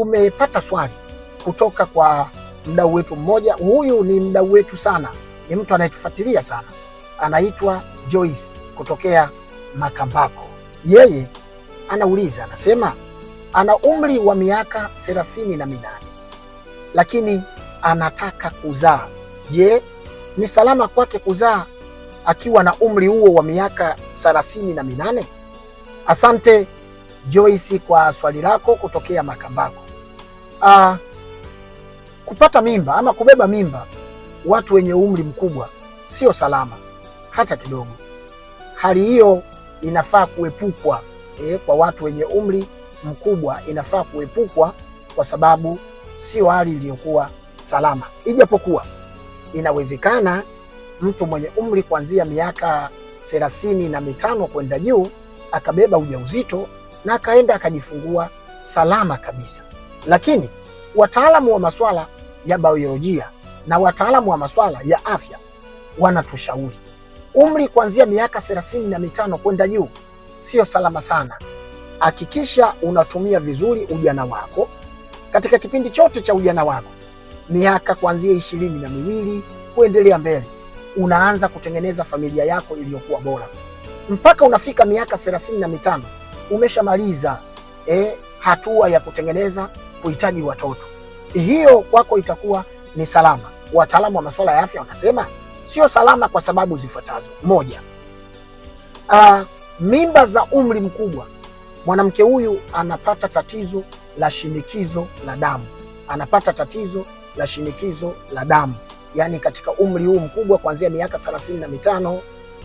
Umepata swali kutoka kwa mdau wetu mmoja. Huyu ni mdau wetu sana, ni mtu anayetufuatilia sana, anaitwa Joyce kutokea Makambako. Yeye anauliza, anasema ana umri wa miaka thelathini na minane lakini anataka kuzaa. Je, ni salama kwake kuzaa akiwa na umri huo wa miaka thelathini na minane? Asante Joyce kwa swali lako kutokea Makambako uh, kupata mimba ama kubeba mimba watu wenye umri mkubwa sio salama hata kidogo. Hali hiyo inafaa kuepukwa eh, kwa watu wenye umri mkubwa inafaa kuepukwa kwa sababu sio hali iliyokuwa salama, ijapokuwa inawezekana mtu mwenye umri kuanzia miaka thelathini na mitano kwenda juu akabeba ujauzito na akaenda akajifungua salama kabisa. Lakini wataalamu wa masuala ya biolojia na wataalamu wa masuala ya afya wanatushauri umri kuanzia miaka thelathini na mitano kwenda juu sio salama sana. Hakikisha unatumia vizuri ujana wako katika kipindi chote cha ujana wako, miaka kuanzia ishirini na miwili kuendelea mbele, unaanza kutengeneza familia yako iliyokuwa bora. Mpaka unafika miaka thelathini na mitano umeshamaliza eh, hatua ya kutengeneza kuhitaji watoto, hiyo kwako itakuwa ni salama. Wataalamu wa masuala ya afya wanasema sio salama kwa sababu zifuatazo. Moja, uh, mimba za umri mkubwa, mwanamke huyu anapata tatizo la shinikizo la damu, anapata tatizo la shinikizo la damu, yaani katika umri huu mkubwa kuanzia miaka 35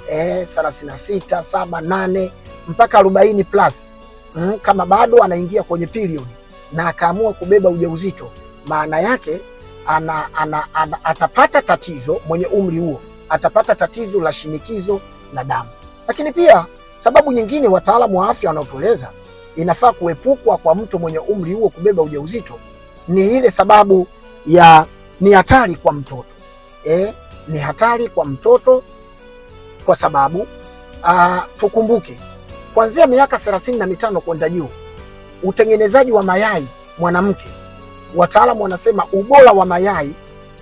eh, 36, 7, 8 mpaka 40 plus mm, kama bado anaingia kwenye period na akaamua kubeba ujauzito, maana yake ana, ana, ana, atapata tatizo mwenye umri huo, atapata tatizo la shinikizo la damu. Lakini pia sababu nyingine wataalamu wa afya wanaotueleza inafaa kuepukwa kwa mtu mwenye umri huo kubeba ujauzito ni ile sababu ya ni hatari kwa mtoto e, ni hatari kwa mtoto kwa sababu a, tukumbuke kuanzia miaka thelathini na mitano kwenda juu utengenezaji wa mayai mwanamke, wataalamu wanasema ubora wa mayai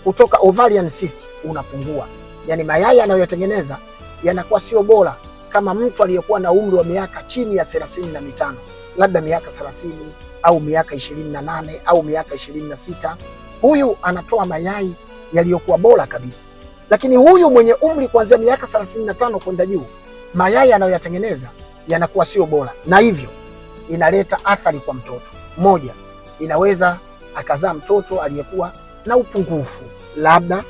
kutoka ovarian cyst unapungua, yaani mayai anayoyatengeneza yanakuwa sio bora kama mtu aliyekuwa na umri wa miaka chini ya thelathini na mitano, labda miaka thelathini au miaka ishirini na nane au miaka ishirini na sita huyu anatoa mayai yaliyokuwa bora kabisa, lakini huyu mwenye umri kuanzia miaka 35 kwenda juu, mayai anayoyatengeneza yanakuwa sio bora, na hivyo inaleta athari kwa mtoto. Moja, inaweza akazaa mtoto aliyekuwa na upungufu, labda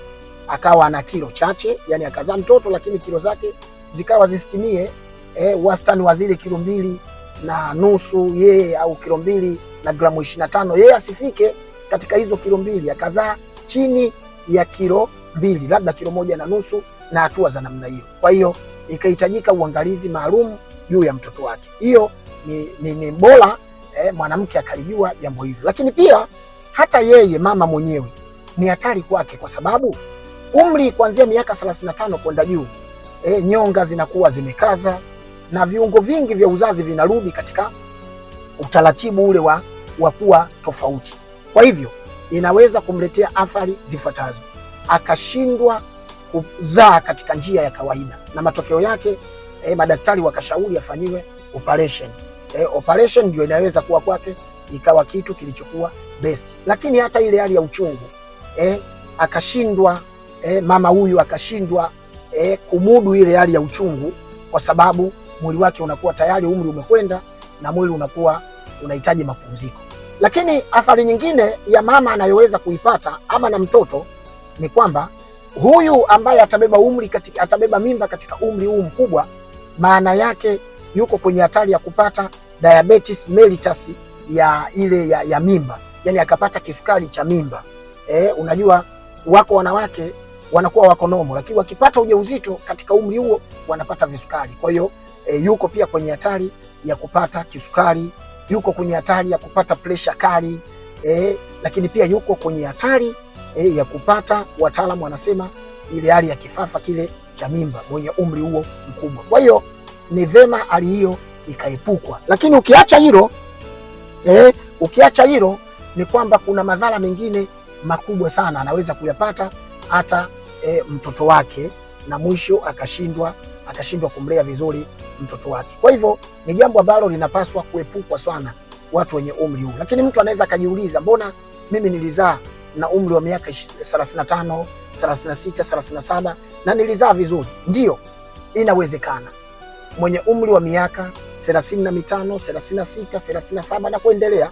akawa na kilo chache, yani akazaa mtoto lakini kilo zake zikawa zisitimie eh, wastani wa zile kilo mbili na nusu yeye au kilo mbili na gramu 25 yeye asifike katika hizo kilo mbili, akazaa chini ya kilo mbili labda kilo moja na nusu na hatua za namna hiyo. Kwa hiyo ikahitajika uangalizi maalum juu ya mtoto wake. Hiyo ni, ni, ni bora eh, mwanamke akalijua jambo hilo, lakini pia hata yeye mama mwenyewe ni hatari kwake, kwa sababu umri kuanzia miaka 35 kwenda juu eh, nyonga zinakuwa zimekaza na viungo vingi vya uzazi vinarudi katika utaratibu ule wa, wa kuwa tofauti. Kwa hivyo inaweza kumletea athari zifuatazo: akashindwa kuzaa katika njia ya kawaida na matokeo yake e, madaktari wakashauri afanyiwe operation. E, operation ndio inaweza kuwa kwake ikawa kitu kilichokuwa best, lakini hata ile hali ya uchungu e, akashindwa e, mama huyu akashindwa e, kumudu ile hali ya uchungu, kwa sababu mwili wake unakuwa tayari umri umekwenda na mwili unakuwa unahitaji mapumziko. Lakini athari nyingine ya mama anayoweza kuipata ama na mtoto ni kwamba huyu ambaye atabeba umri katika, atabeba mimba katika umri huu mkubwa maana yake yuko kwenye hatari ya kupata diabetes mellitus ya ile ya, ya mimba, yani akapata kisukari cha mimba. E, unajua wako wanawake wanakuwa wako nomo, lakini wakipata ujauzito katika umri huo wanapata visukari. Kwa hiyo e, yuko pia kwenye hatari ya kupata kisukari, yuko kwenye hatari ya kupata presha kali e, lakini pia yuko kwenye hatari e, ya kupata, wataalamu wanasema ile hali ya kifafa kile cha mimba mwenye umri huo mkubwa. Kwa hiyo ni vema hali hiyo ikaepukwa, lakini ukiacha hilo eh, ukiacha hilo ni kwamba kuna madhara mengine makubwa sana anaweza kuyapata hata eh, mtoto wake na mwisho akashindwa akashindwa kumlea vizuri mtoto wake. Kwa hivyo ni jambo ambalo linapaswa kuepukwa sana watu wenye umri huu, lakini mtu anaweza akajiuliza, mbona mimi nilizaa na umri wa miaka 35, 36, 37 na nilizaa vizuri, ndio inawezekana mwenye umri wa miaka 35, 36, 37 na kuendelea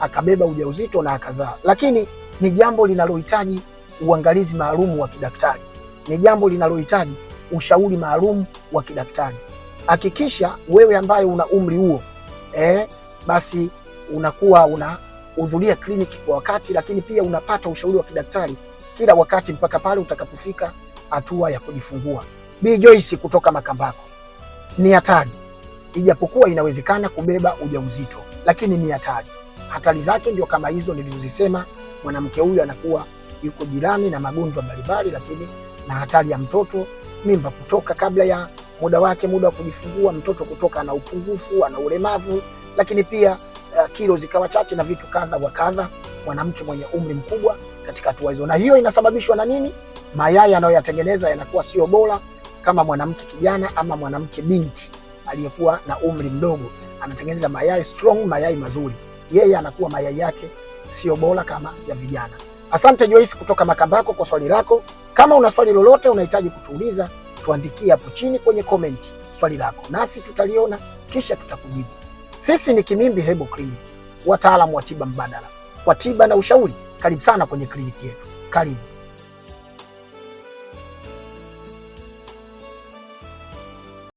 akabeba ujauzito na akazaa, lakini ni jambo linalohitaji uangalizi maalumu wa kidaktari, ni jambo linalohitaji ushauri maalum wa kidaktari. Hakikisha wewe ambaye una umri huo eh, basi unakuwa una kuhudhuria kliniki kwa wakati, lakini pia unapata ushauri wa kidaktari kila wakati mpaka pale utakapofika hatua ya kujifungua. Bi Joyce kutoka Makambako, ni hatari, ijapokuwa inawezekana kubeba ujauzito, lakini ni hatari. Hatari zake ndio kama hizo nilizozisema. Mwanamke huyu anakuwa yuko jirani na magonjwa mbalimbali, lakini na hatari ya mtoto mimba kutoka kabla ya muda wake, muda wa kujifungua, mtoto kutoka na upungufu, ana ulemavu, lakini pia uh, kilo zikawa chache na vitu kadha wa kadha, mwanamke mwenye umri mkubwa katika hatua hizo. Na hiyo inasababishwa na nini? Mayai anayoyatengeneza yanakuwa sio bora kama mwanamke kijana ama mwanamke binti aliyekuwa na umri mdogo anatengeneza mayai strong, mayai mazuri, yeye anakuwa mayai yake sio bora kama ya vijana. Asante Joyce kutoka Makambako kwa swali lako. Kama una swali lolote unahitaji kutuuliza, tuandikie hapo chini kwenye komenti swali lako, nasi tutaliona kisha tutakujibu. Sisi ni Kimimbi Herbal Clinic, wataalamu wa tiba mbadala kwa tiba na ushauri. Karibu sana kwenye kliniki yetu, karibu.